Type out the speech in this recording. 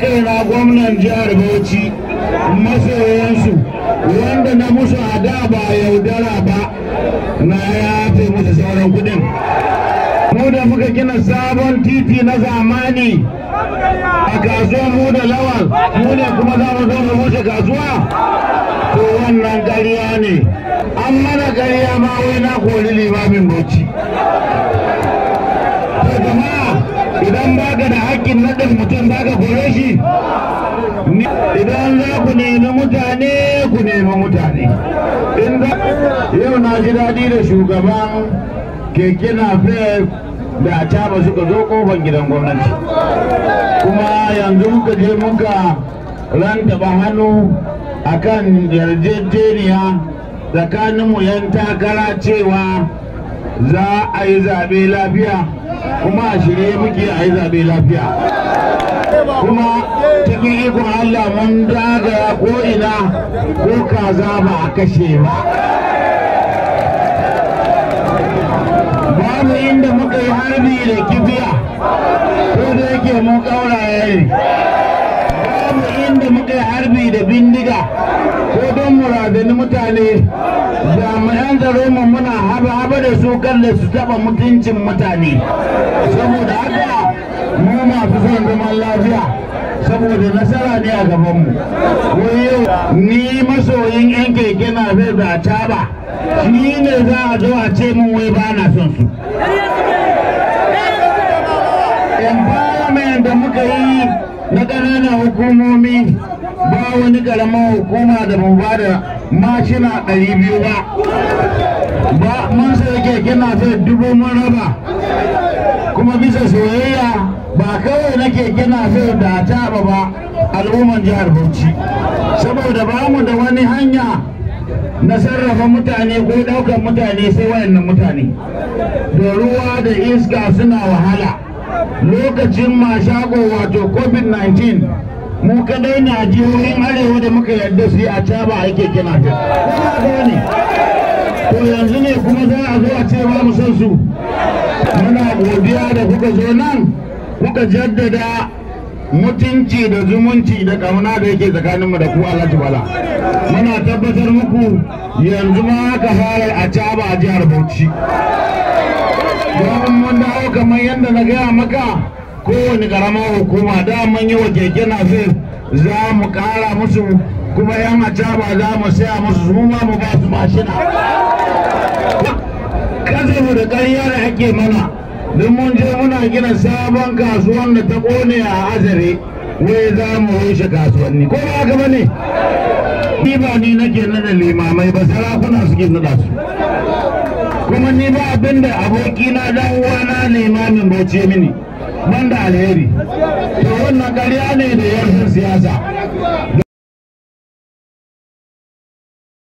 haɗin gwamnan jihar Bauchi masoyansu wanda na musu a da ba yaudara ba na yafe musu sauran kuɗin. Mu da muka gina sabon titi na zamani a kasuwar mu da lawal mu ne kuma za mu zo mu kasuwa to wannan ne an mana gariya ma wai na koli limamin Bauchi. Idan ba da haƙƙi hakkin naɗin mutum ba ka kore shi idan za ku nemi mutane ku nemi mutane yau na ji daɗi da shugaban keke na da a caba suka zo kofar gidan gwamnati kuma yanzu muka je muka taɓa hannu akan yarjejeniya tsakaninmu yan takara cewa za a yi zaɓe lafiya kuma a shirye muke a yi zaɓe lafiya kuma cikin ikon Allah mun dagaya ko ina ko kaza ba a kashe ba babu inda muka yi harbi da kibiya ko da yake mun ƙauraye ne babu inda muka yi harbi da bindiga ko don muradani mutane mu jami'an tsaro muna da su kalle su taba mutuncin mutane saboda haka mu masu son zaman lafiya saboda nasara ne a gabanmu ni masoyin yan keke na zai da ba shi ne za a zo a ce mun wai ba na son su da muka yi na ƙananan hukumomi ba wani ƙaramin hukuma da mu ba da mashina 200 ba zai dubu maraba kuma bisa soyayya ba kawai nake kina so da ta ba al'umman jihar bauchi saboda ba mu da wani hanya na sarrafa mutane ko ɗaukan mutane sai wayannan mutane da ruwa da iska suna wahala lokacin mashago wato covid-19 mu kadai na jihohin arewa da muka yarda su yi a caba ake kina ta to eh, yanzu ne kuma za a zo a ce ba mu san su muna godiya da kuka zo nan kuka jaddada mutunci da zumunci da kauna da yake tsakaninmu da ku Allah bala muna tabbatar muku yanzu ma haka fara a caba a jihar Bauchi don mun dawo kamar yadda na gaya maka kowane karamar hukuma da mun yi wa keke na za mu kara musu kuma yan acaba za mu saya musu su mu ba su mashina kasafu da ƙaryar ake mana don mun je muna gina sabon kasuwan da ta ƙone a azare wai za mu rushe kasuwanni ko ba haka bane ni ba ni nake nada limamai ba sarakuna suke nada su kuma ni ba abinda abokina dawowa na limamin bauce mini wanda alheri to wannan ƙarya ne da yarsun siyasa